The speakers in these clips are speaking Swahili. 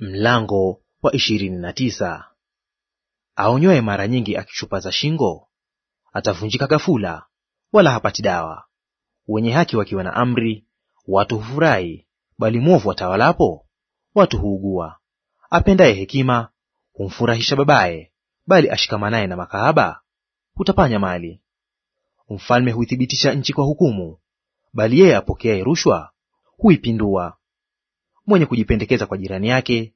Mlango wa ishirini na tisa. Aonywaye mara nyingi akichupaza shingo atavunjika ghafula, wala hapati dawa. Wenye haki wakiwa na amri, watu hufurahi, bali mwovu atawalapo, watu huugua. Apendaye hekima humfurahisha babaye, bali ashikamanaye na makahaba hutapanya mali. Mfalme huithibitisha nchi kwa hukumu, bali yeye apokeaye rushwa huipindua. Mwenye kujipendekeza kwa jirani yake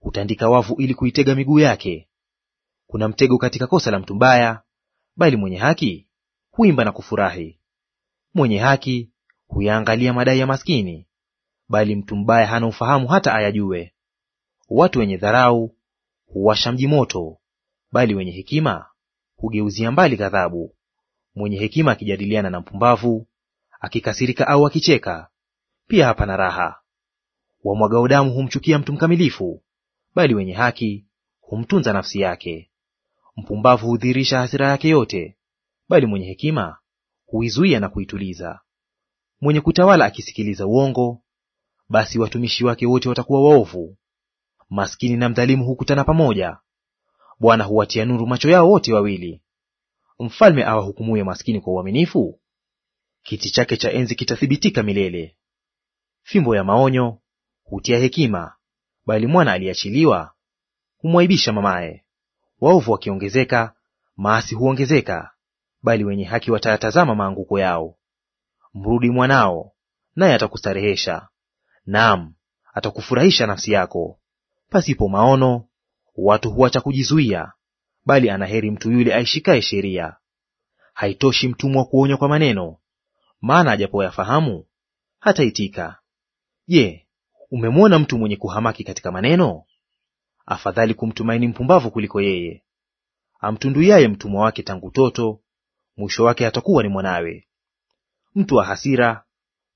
hutandika wavu ili kuitega miguu yake. Kuna mtego katika kosa la mtu mbaya, bali mwenye haki huimba na kufurahi. Mwenye haki huyaangalia madai ya maskini, bali mtu mbaya hana ufahamu hata ayajue. Watu wenye dharau huwasha mji moto, bali wenye hekima hugeuzia mbali ghadhabu. Mwenye hekima akijadiliana na mpumbavu, akikasirika au akicheka, pia hapana raha. Wamwagao damu humchukia mtu mkamilifu, bali wenye haki humtunza nafsi yake. Mpumbavu hudhirisha hasira yake yote, bali mwenye hekima huizuia na kuituliza. Mwenye kutawala akisikiliza uongo, basi watumishi wake wote watakuwa waovu. Maskini na mdhalimu hukutana pamoja, Bwana huwatia nuru macho yao wote wawili. Mfalme awahukumuye maskini kwa uaminifu, kiti chake cha enzi kitathibitika milele. Fimbo ya maonyo hutia hekima, bali mwana aliyeachiliwa humwaibisha mamaye. Waovu wakiongezeka, maasi huongezeka, bali wenye haki watayatazama maanguko yao. Mrudi mwanao, naye atakustarehesha; naam, atakufurahisha nafsi yako. Pasipo maono watu huacha kujizuia, bali anaheri mtu yule aishikaye sheria. Haitoshi mtumwa kuonywa kwa maneno, maana ajapoyafahamu hataitika. Je, Umemwona mtu mwenye kuhamaki katika maneno? Afadhali kumtumaini mpumbavu kuliko yeye. Amtunduiaye mtumwa wake tangu toto mwisho wake atakuwa ni mwanawe. Mtu wa hasira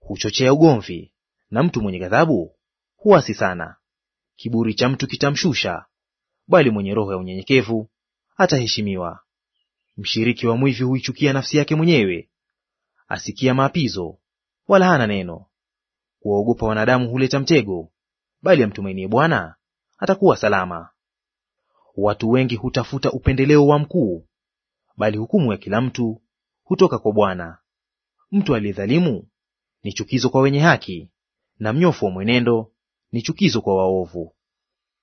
huchochea ugomvi, na mtu mwenye ghadhabu huasi sana. Kiburi cha mtu kitamshusha, bali mwenye roho ya unyenyekevu ataheshimiwa. Mshiriki wa mwivi huichukia nafsi yake mwenyewe, asikia maapizo wala hana neno. Kuwaogopa wanadamu huleta mtego, bali amtumainie Bwana atakuwa salama. Watu wengi hutafuta upendeleo wa mkuu, bali hukumu ya kila mtu hutoka kwa Bwana. Mtu aliyedhalimu ni chukizo kwa wenye haki, na mnyofu wa mwenendo ni chukizo kwa waovu.